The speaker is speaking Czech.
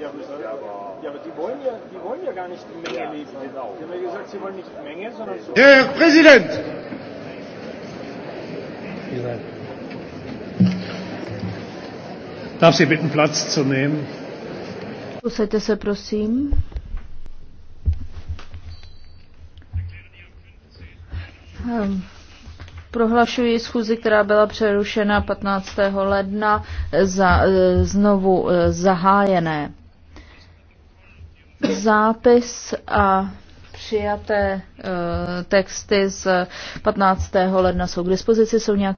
Ja, aber, ja, aber die, wollen ja, die wollen ja gar nicht die Menge ja, liefern. Genau. Die haben ja gesagt, sie wollen nicht die Menge, sondern so. Herr Präsident! Darf Sie bitten, Platz zu nehmen? Usete se, prosím. Um. Prohlašuji schůzi, která byla přerušena 15. ledna, za, e, znovu e, zahájené. Zápis a přijaté eh, texty z 15. ledna jsou k dispozici, jsou nějaké